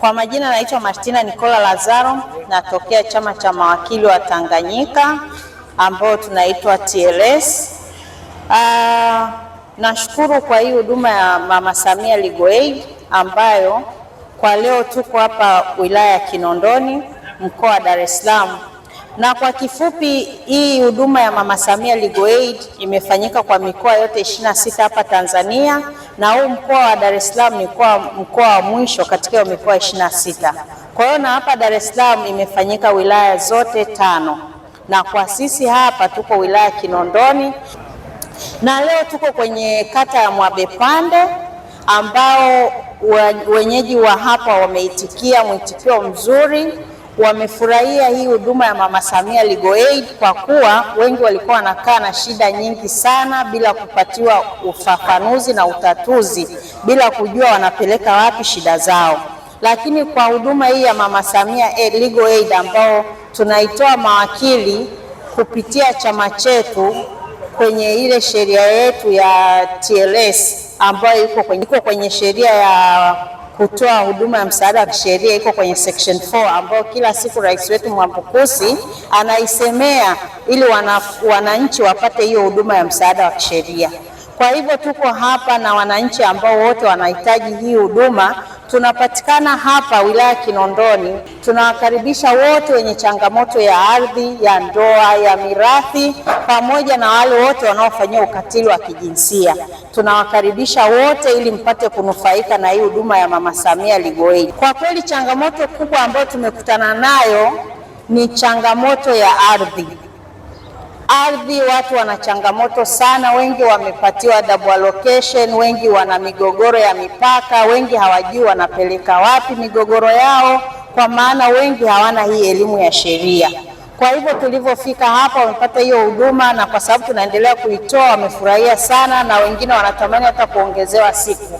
Kwa majina naitwa Martina Nicola Lazaro, natokea chama cha mawakili wa Tanganyika ambao tunaitwa TLS. Uh, ah, nashukuru kwa hii huduma ya Mama Samia Legal Aid ambayo kwa leo tuko hapa wilaya ya Kinondoni mkoa wa Dar es Salaam na kwa kifupi, hii huduma ya Mama Samia Legal Aid imefanyika kwa mikoa yote 26 na sita hapa Tanzania, na huu mkoa wa Dar es Salaam ni mkoa wa mwisho katika hiyo mikoa 26. na sita. Kwa hiyo na hapa Dar es Salaam imefanyika wilaya zote tano, na kwa sisi hapa tuko wilaya Kinondoni, na leo tuko kwenye kata ya Mwabepande ambao wenyeji wa hapa wameitikia mwitikio mzuri wamefurahia hii huduma ya Mama Samia Legal Aid kwa kuwa wengi walikuwa wanakaa na shida nyingi sana bila kupatiwa ufafanuzi na utatuzi, bila kujua wanapeleka wapi shida zao. Lakini kwa huduma hii ya Mama Samia Legal Aid ambao tunaitoa mawakili kupitia chama chetu kwenye ile sheria yetu ya TLS ambayo iko kwenye, kwenye sheria ya kutoa huduma ya msaada wa kisheria iko kwenye section 4 ambayo kila siku rais wetu Mwambukusi anaisemea ili wananchi wapate hiyo huduma ya msaada wa kisheria. Kwa hivyo tuko hapa na wananchi ambao wote wanahitaji hii huduma. Tunapatikana hapa wilaya Kinondoni. Tunawakaribisha wote wenye changamoto ya ardhi, ya ndoa, ya mirathi, pamoja na wale wote wanaofanyia ukatili wa kijinsia. Tunawakaribisha wote ili mpate kunufaika na hii huduma ya Mama Samia Legal Aid. Kwa kweli changamoto kubwa ambayo tumekutana nayo ni changamoto ya ardhi ardhi, watu wana changamoto sana, wengi wamepatiwa double allocation, wengi wana migogoro ya mipaka, wengi hawajui wanapeleka wapi migogoro yao, kwa maana wengi hawana hii elimu ya sheria. Kwa hivyo tulivyofika hapa, wamepata hiyo huduma, na kwa sababu tunaendelea kuitoa wamefurahia sana, na wengine wanatamani hata kuongezewa siku.